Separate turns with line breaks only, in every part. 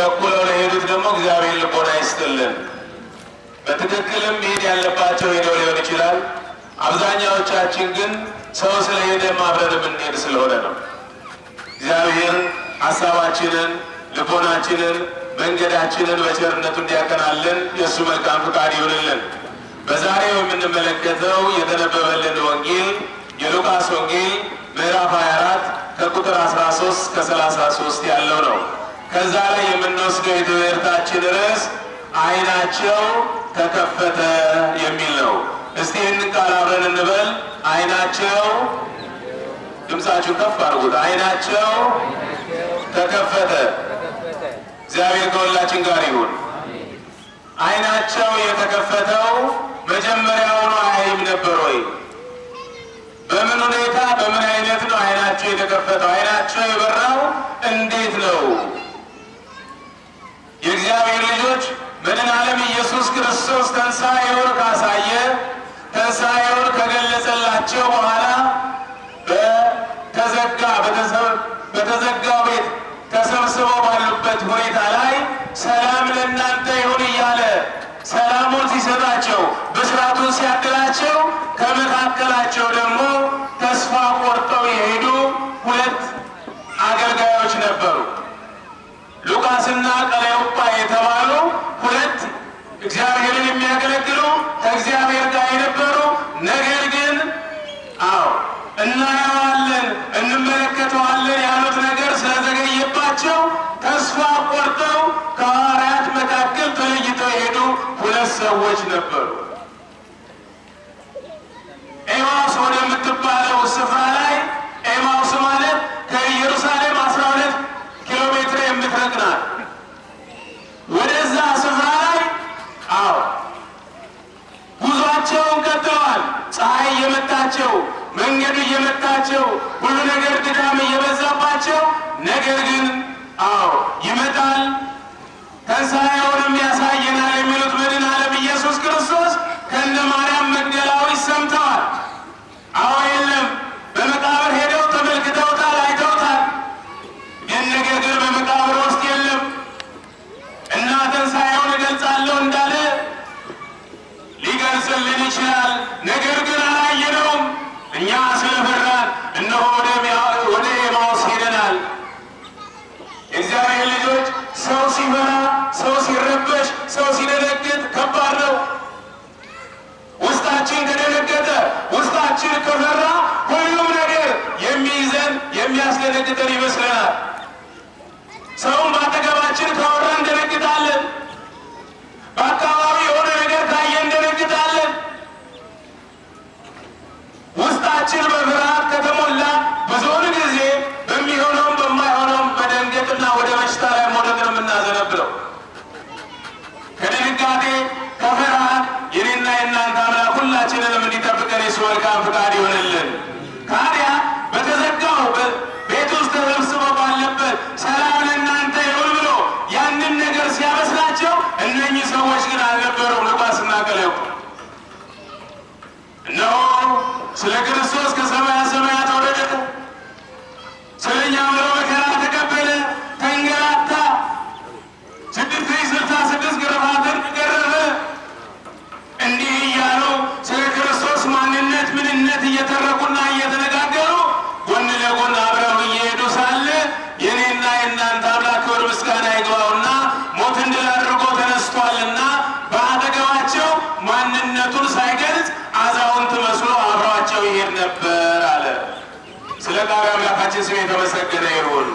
ቸኩለው ለሄዱት ደግሞ እግዚአብሔር ልቦና ይስጥልን። በትክክልም መሄድ ያለባቸው ሄደው ሊሆን ይችላል። አብዛኛዎቻችን ግን ሰው ስለሄደ ማብረር የምንሄድ ስለሆነ ነው። እግዚአብሔር ሀሳባችንን ልቦናችንን መንገዳችንን በቸርነቱ እንዲያቀናልን የእሱ መልካም ፍቃድ ይሁንልን። በዛሬው የምንመለከተው የተነበበልን ወንጌል የሉቃስ ወንጌል ምዕራፍ 24 ከቁጥር 13 እስከ 33 ያለው ነው። ከዛ ላይ የምንወስደው የትምህርታችን ርዕስ አይናቸው ተከፈተ የሚል ነው። እስቲ ይህንን ቃል አብረን እንበል። አይናቸው ድምፃችሁ ከፍ አድርጉት። አይናቸው ተከፈተ። እግዚአብሔር ከሁላችን ጋር ይሁን። አይናቸው የተከፈተው መጀመሪያውኑ አያይም ነበር ወይ? በምን ሁኔታ በምን አይነት ነው አይናቸው የተከፈተው? አይናቸው የበራው እንዴት ነው? የእግዚአብሔር ልጆች መድን ዓለም ኢየሱስ ክርስቶስ ተንሣኤውን ካሳየ ተንሣኤውን ከገለጸላቸው በኋላ በተዘጋ በተዘጋው ቤት ተሰብስበው ባሉበት ሁኔታ ላይ ሰላም ለእናንተ ይሁን እያለ ሰላሙን ሲሰጣቸው፣ ብስራቱን ሲያድላቸው ከመካከላቸው ደግሞ ያላቸው ተስፋ ቆርጠው ከሐዋርያት መካከል ተለይተው የሄዱ ሁለት ሰዎች ነበሩ። ኤማውስ ወደምትባለው ስፍራ ላይ ኤማውስ ማለት ከኢየሩሳሌም አስራ ሁለት ኪሎ ሜትር የምትርቅ ናት። ወደዛ ስፍራ ላይ አዎ ጉዟቸውን ቀጥለዋል። ፀሐይ እየመታቸው መንገዱ እየመታቸው ሁሉ ነገር ድካም እየበዛባቸው ነገር ግን አዎ ይመጣል Welcome to Kadiwalil. አምላካችን ስም የተመሰገነ ይሁን።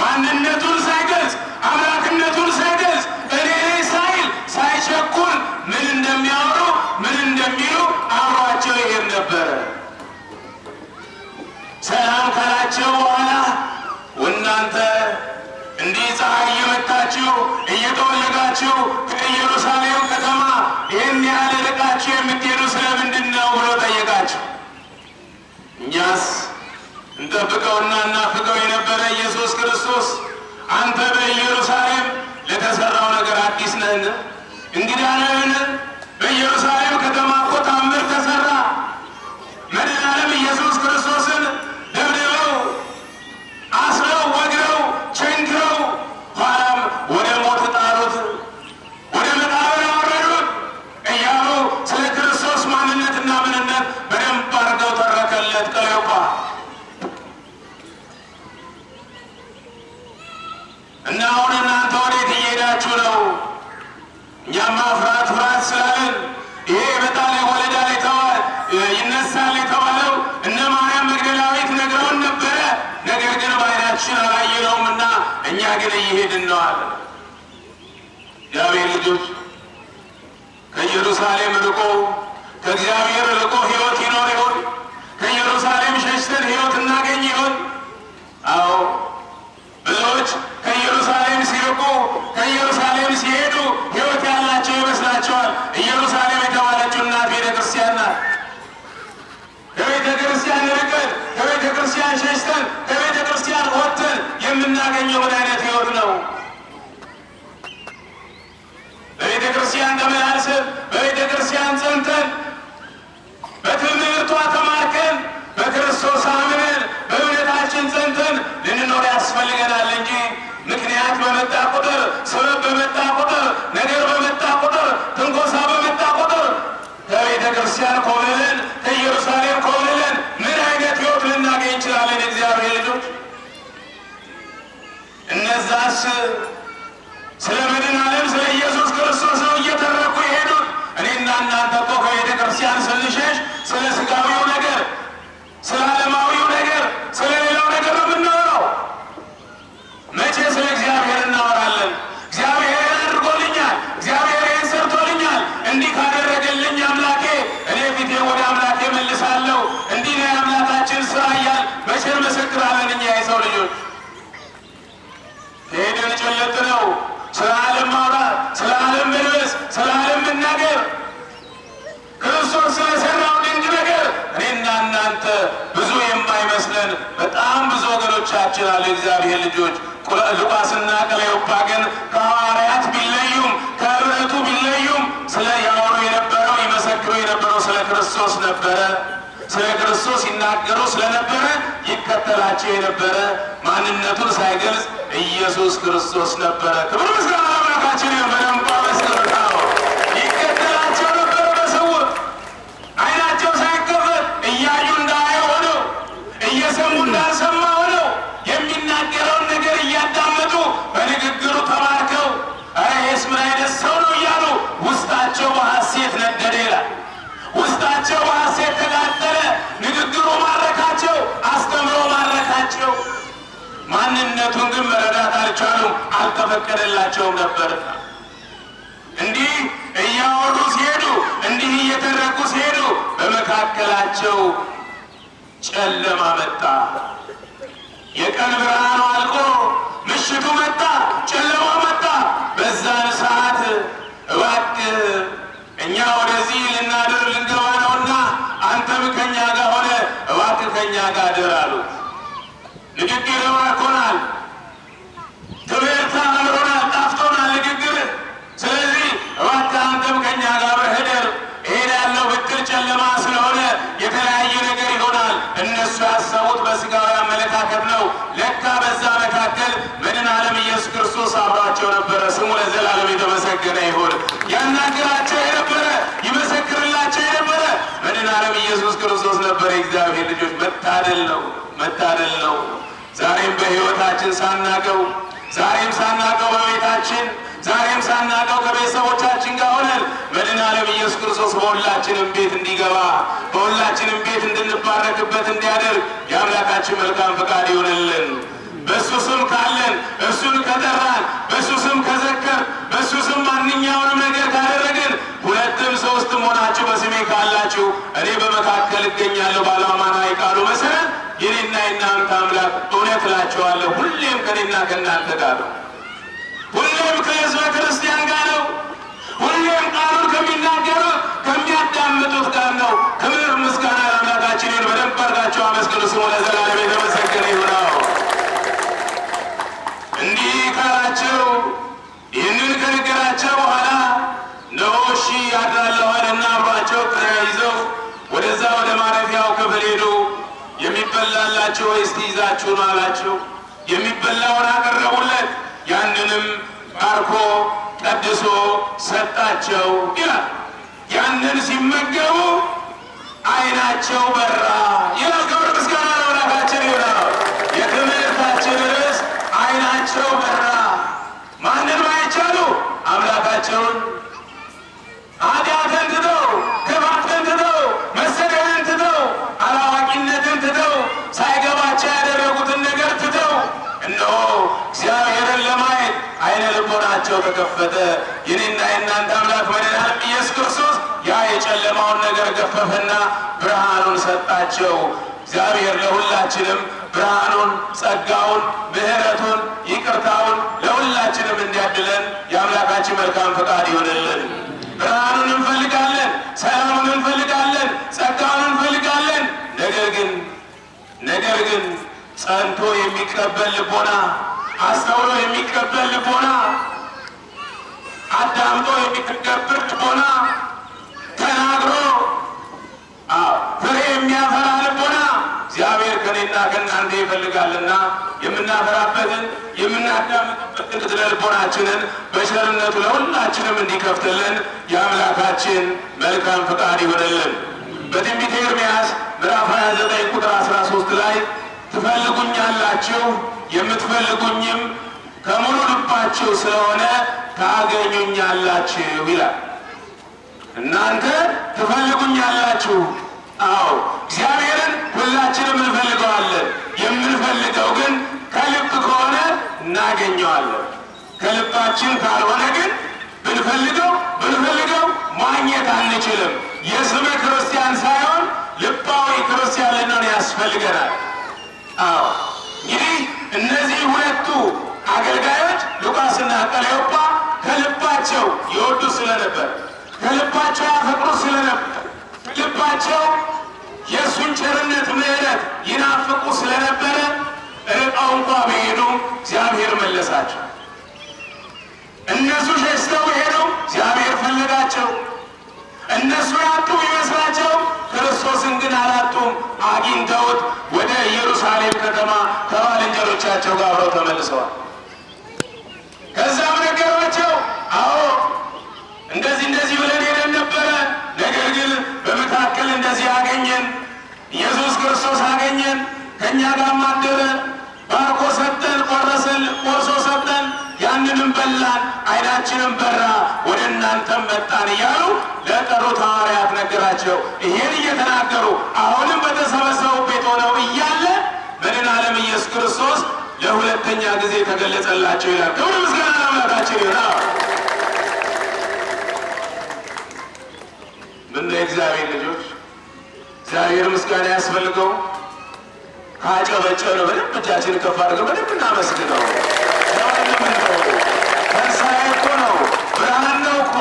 ማንነቱን ሳይገልጽ አምላክነቱን ሳይገልጽ እኔ ሳይል ሳይቸኩል ምን እንደሚያወሩ ምን እንደሚሉ አብሯቸው ይሄድ ነበረ። ሰላም ካላቸው በኋላ እናንተ እንዲህ ፀሐይ እየመታችሁ እየተወለዳችሁ ከኢየሩሳሌም ከተማ ይህን ያህል ርቃችሁ የምትሄዱ ስለምንድን ነው ብሎ ጠየቃቸው። እኛስ ስንጠብቀውና እናፍቀው የነበረ ኢየሱስ ክርስቶስ አንተ በኢየሩሳሌም ለተሰራው ነገር አዲስ ነህን? እንግዲህ ነህን? በኢየሩሳሌም ከተማ እኮ ህይወት እናገኝ ይሆን? ይችላል። የእግዚአብሔር ልጆች ሉቃስና ቀለዮጳ ግን ከሐዋርያት ቢለዩም ከኅብረቱ ቢለዩም ስለ ያወሩ የነበረው ይመሰክሩ የነበረው ስለ ክርስቶስ ነበረ። ስለ ክርስቶስ ይናገሩ ስለነበረ ይከተላቸው የነበረ ማንነቱን ሳይገልጽ ኢየሱስ ክርስቶስ ነበረ። ክብር ምስጋና አምላካችን በደንብ ማንነቱን ግን መረዳት አልቻሉ፣ አልተፈቀደላቸውም ነበር። እንዲህ እያወሩ ሲሄዱ፣ እንዲህ እየተረኩ ሲሄዱ በመካከላቸው ጨለማ መጣ። የቀን ብርሃኑ አልቆ ምሽቱ መጣ፣ ጨለማ መጣ። በዛን ሰዓት እባክ እኛ ወደዚህ ልናድር ልንገባ ነውና አንተም ከኛ ጋር ሆነ እባክ ከኛ ጋር ድር አሉት። ንግግር ማርኮናል፣ ትምህርት አምሮናል፣ ጣፍቶናል ንግግር። ስለዚህ እባክህ አንተም ከእኛ ጋር በህደር እሄዳለሁ ብትል ጨለማ ስለሆነ የተለያየ ነገር ይሆናል። እነሱ ያሰቡት በስጋዊ አመለካከት ነው። ለካ በዛ መካከል መድኃኔ ዓለም ኢየሱስ ክርስቶስ አብሯቸው ነበረ። ስሙ ለዘላለም የተመሰገነ ይሁን። ያናገራቸው የነበረ ይመሰክርላቸው የነበረ መድኃኔ ዓለም ኢየሱስ ክርስቶስ ነበረ የእግዚአብሔር ልጆች መታደል ነው መታደል ነው። ዛሬም በህይወታችን ሳናቀው ዛሬም ሳናቀው በቤታችን ዛሬም ሳናቀው ከቤተሰቦቻችን ጋር ሆነን መድኃኔዓለም ኢየሱስ ክርስቶስ በሁላችንም ቤት እንዲገባ በሁላችንም ቤት እንድንባረክበት እንዲያደርግ የአምላካችን መልካም ፈቃድ ይሆነልን። በእሱ ስም ካለን እሱን ከጠራን በእሱ ስም ከዘከር በእሱ ስም ማንኛውንም ነገር አማናችሁ በስሜ ካላችሁ እኔ በመካከል እገኛለሁ ባለው አማናዊ ቃሉ መሰረት የኔና የእናንተ አምላክ እውነት እላችኋለሁ ሁሌም ከኔና ከእናንተ ጋር ነው። ሁሌም ከህዝበ ክርስቲያን ጋር ነው። ሁሌም ቃሉን ከሚናገሩት ከሚያዳምጡት ጋር ነው። አላችሁ ወይስ ትይዛችሁ ነው አላቸው። የሚበላውን አቀረቡለት፣ ያንንም ባርኮ ቀድሶ ሰጣቸው ይላል። ያንን ሲመገቡ አይናቸው በራ ይላል። ክብር ምስጋና ከፈተ። የኔና የእናንተ አምላክ መድኃኒዓለም ኢየሱስ ክርስቶስ ያ የጨለማውን ነገር ገፈፈና ብርሃኑን ሰጣቸው። እግዚአብሔር ለሁላችንም ብርሃኑን፣ ጸጋውን፣ ምሕረቱን፣ ይቅርታውን ለሁላችንም እንዲያድለን የአምላካችን መልካም ፈቃድ ይሆንልን። ብርሃኑን እንፈልጋለን፣ ሰላሙን እንፈልጋለን፣ ጸጋውን እንፈልጋለን። ነገር ግን ነገር ግን ጸንቶ የሚቀበል ልቦና አስተውሎ የሚቀበል ልቦና አዳምጦ የሚትገብር ልቦና ተናግሮ ፍሬ የሚያፈራ ልቦና እግዚአብሔር ከኔና ከእናንተ ይፈልጋልና የምናፈራበትን የምናዳምጥበትን ስለ ልቦናችንን በቸርነቱ ለሁላችንም እንዲከፍትልን የአምላካችን መልካም ፈቃድ ይሆነልን በትንቢተ ኤርምያስ ምዕራፍ 29 ቁጥር 13 ላይ ትፈልጉኛላችሁ የምትፈልጉኝም ከሙሉ ልባችሁ ስለሆነ ታገኙኛላችሁ ይላል። እናንተ ትፈልጉኛላችሁ። አዎ እግዚአብሔርን ሁላችንም እንፈልገዋለን። የምንፈልገው ግን ከልብ ከሆነ እናገኘዋለን። ከልባችን ካልሆነ ግን ብንፈልገው ብንፈልገው ማግኘት አንችልም። የስመ ክርስቲያን ሳይሆን ልባዊ ክርስቲያን ልንሆን ያስፈልገናል። አዎ እንግዲህ እነዚህ አገልጋዮች ሉቃስና ቀለዮጳ ከልባቸው ይወዱ ስለነበር ከልባቸው ያፈቅሩ ስለነበር ልባቸው የእሱን ቸርነት ምሕረት ይናፍቁ ስለነበረ ርቀው እንኳ በሄዱ እግዚአብሔር መለሳቸው። እነሱ ሸሽተው ሄዱ፣ እግዚአብሔር ፈለጋቸው። እነሱ ያጡ ይመስላቸው፣ ክርስቶስን ግን አላጡም። አግኝተውት ወደ ኢየሩሳሌም ከተማ ከባልንጀሮቻቸው ጋር አብረው ተመልሰዋል። እንደዚህ አገኘን። ኢየሱስ ክርስቶስ አገኘን፣ ከእኛ ጋር ማደረ፣ ባርኮ ሰጠን፣ ቆረሰን፣ ቆርሶ ሰጠን። ያንንም በላን፣ አይናችንም በራ፣ ወደ እናንተም መጣን እያሉ ለጠሩት ሐዋርያት ነገራቸው። ይህን እየተናገሩ አሁንም በተሰበሰቡ ቤት ሆነው እያለ መድኃኔ ዓለም ኢየሱስ ክርስቶስ ለሁለተኛ ጊዜ ተገለጸላቸው ይላል። ክብር ምስጋና አምላካችን ይሆና ምን እግዚአብሔር ልጆች እግዚአብሔር ምስጋና ያስፈልገው። ካጨበጨብን በደንብ እጃችን ከፍ አድርገን በደንብ እናመስግነው። ትንሣኤ እኮ ነው፣ ብርሃን ነው እኮ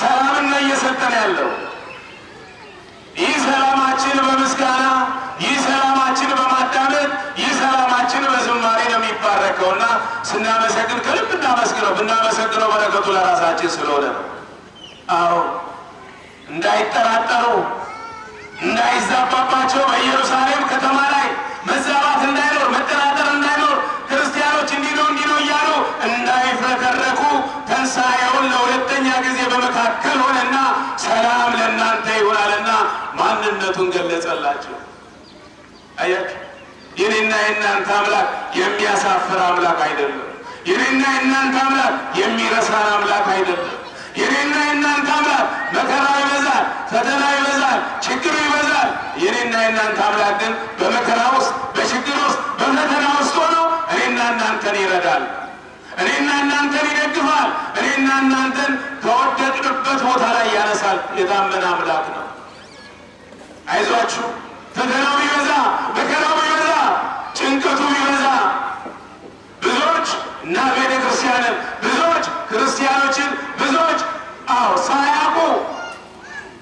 ሰላም እየሰጠን ያለው። ይህ ሰላማችን በምስጋና ይህ ሰላማችን በማዳመጥ ይህ ሰላማችን በዝማሬ ነው የሚባረከውና ስናመሰግን ከልብ እናመስግነው። ብናመሰግነው በረከቱ ለራሳችን ስለሆነ ነው። አዎ እንዳይጠራጠሩ እንዳይዛባባቸው በኢየሩሳሌም ከተማ ላይ መዛባት እንዳይኖር መጠራጠር እንዳይኖር ክርስቲያኖች እንዲህ ነው እንዲህ ነው እያሉ እንዳይፍረከረኩ ትንሣኤውን ለሁለተኛ ጊዜ በመካከል ሆነና ሰላም ለእናንተ ይሆናልና ማንነቱን ገለጸላቸው። አያችሁ የኔና የእናንተ አምላክ የሚያሳፍር አምላክ አይደለም። የኔና የእናንተ አምላክ የሚረሳን አምላክ አይደለም። የኔና የእናንተ አምላክ መከራ ይበዛል፣ ፈተና ይበዛል፣ ችግሩ ይበዛል። የኔና የእናንተ አምላክ ግን በመከራ ውስጥ፣ በችግር ውስጥ፣ በፈተና ውስጥ ሆኖ እኔና እናንተን ይረዳል፣ እኔና እናንተን ይደግፋል፣ እኔና እናንተን ከወደቅንበት ቦታ ላይ ያነሳል። የታመነ አምላክ ነው። አይዟችሁ ፈተናው ቢበዛ መከራው ቢበዛ ጭንቀቱ ይበዛ ብዙዎች እና ቤተክርስቲያንን ብዙ ብዙዎች ክርስቲያኖችን ብዙዎች አዎ ሳያውቁ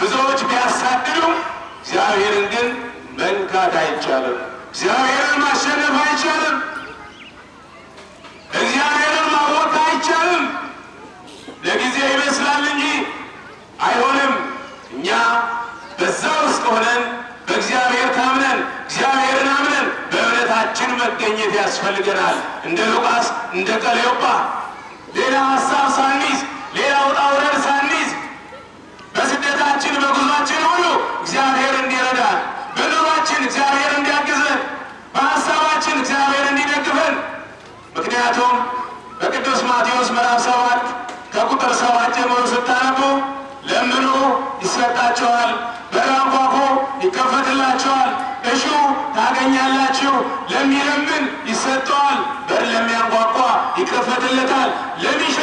ብዙዎች ቢያሳድዱ እግዚአብሔርን ግን መንካት አይቻልም። እግዚአብሔርን ማሸነፍ አይቻልም። ምዕራፍ ሰባት ከቁጥር ሰባት ጀምሮ ስታነቡ ለምኑ ይሰጣቸዋል፣ በር በራንኳኩ ይከፈትላቸዋል፣ እሹ ታገኛላችሁ፣ ለሚለምን ይሰጠዋል፣ በር ለሚያንኳኳ ይከፈትለታል፣ ለሚሻ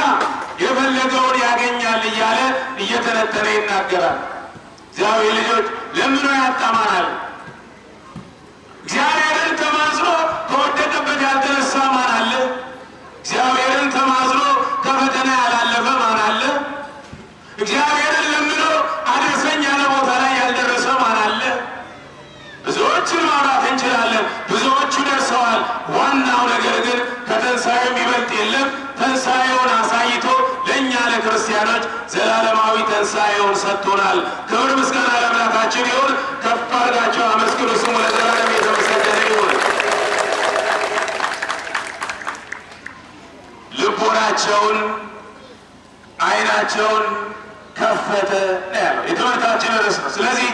የፈለገውን ያገኛል እያለ እየተነተነ ይናገራል። እግዚአብሔር ልጆች ለምኖ ያጣማናል። እግዚአብሔርን ተማጽኖ ከወደቀበት ያልተነሳ ማን አለ? እግዚአብሔር ክርስቲያኖች ዘላለማዊ ትንሣኤውን ሰጥቶናል። ክብር ምስጋና ለአምላካችን ይሁን። ከፍ አድርጋቸው አመስግኑ። ስሙ ለዘላለም የተመሰገነ ይሁን። ልቦናቸውን አይናቸውን ከፈተ ያለው የትምህርታችን ርዕስ ነው። ስለዚህ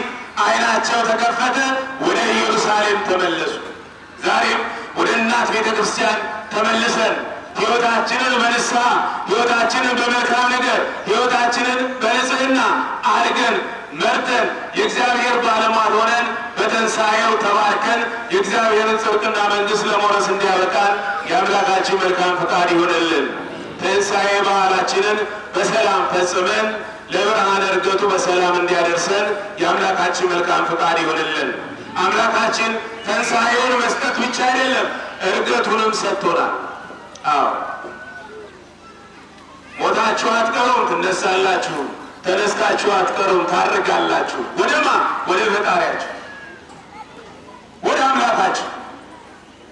አይናቸው ተከፈተ፣ ወደ ኢየሩሳሌም ተመለሱ። ዛሬም ወደ እናት ቤተ ክርስቲያን ተመልሰን ሕይወታችንን በንስሐ ሕይወታችንን በመልካም ነገር ሕይወታችንን በንጽህና አድገን መርተን የእግዚአብሔር ባለሟል ሆነን በትንሣኤው ተባርከን የእግዚአብሔርን ጽድቅና መንግሥት ለመውረስ እንዲያበቃን የአምላካችን መልካም ፈቃድ ይሆንልን። ትንሣኤ በዓላችንን በሰላም ፈጽመን ለብርሃነ እርገቱ በሰላም እንዲያደርሰን የአምላካችን መልካም ፈቃድ ይሆንልን። አምላካችን ትንሣኤውን መስጠት ብቻ አይደለም፣ እርገቱንም ሰጥቶናል። አዎ ሞታችሁ አትቀሩም፣ ትነሳላችሁ። ተነስታችሁ አትቀሩም፣ ታርጋላችሁ። ወደማ ወደ ፈጣሪያችሁ፣ ወደ አምላካችሁ፣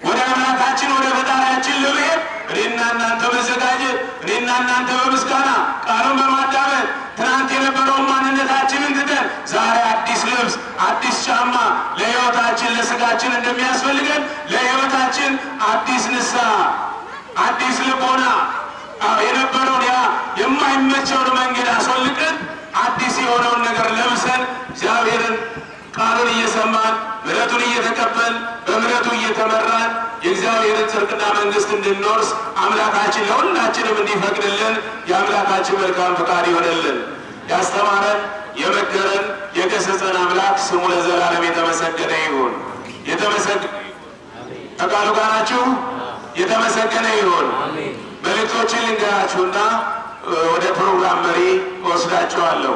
ወደ አምላካችን ወደ ፈጣሪያችን ለመሄድ እኔና እናንተ መዘጋጀት፣ እኔና እናንተ በምስጋና ቃሉን በማዳመጥ ትናንት የነበረውን ማንነታችንን ትተን ዛሬ አዲስ ልብስ፣ አዲስ ጫማ ለሕይወታችን ለስጋችን እንደሚያስፈልገን ለሕይወታችን አዲስ ንስሐ አዲስ ልቦና የነበረውን ያ የማይመቸውን መንገድ አስወልቀን አዲስ የሆነውን ነገር ለብሰን እግዚአብሔርን ቃሉን እየሰማን ምረቱን እየተቀበል በምሕረቱ እየተመራን የእግዚአብሔርን ጽድቅና መንግስት እንድንወርስ አምላካችን ለሁላችንም እንዲፈቅድልን የአምላካችን መልካም ፍቃድ ይሆነልን። ያስተማረን የመገረን የገሰጸን አምላክ ስሙ ለዘላለም የተመሰገነ ይሁን። የተመሰገነ ከቃሉ ጋር ናችሁ። የተመሰገነ ይሁን። መልእክቶችን ልንገራችሁና ወደ ፕሮግራም መሪ ወስዳቸዋለሁ።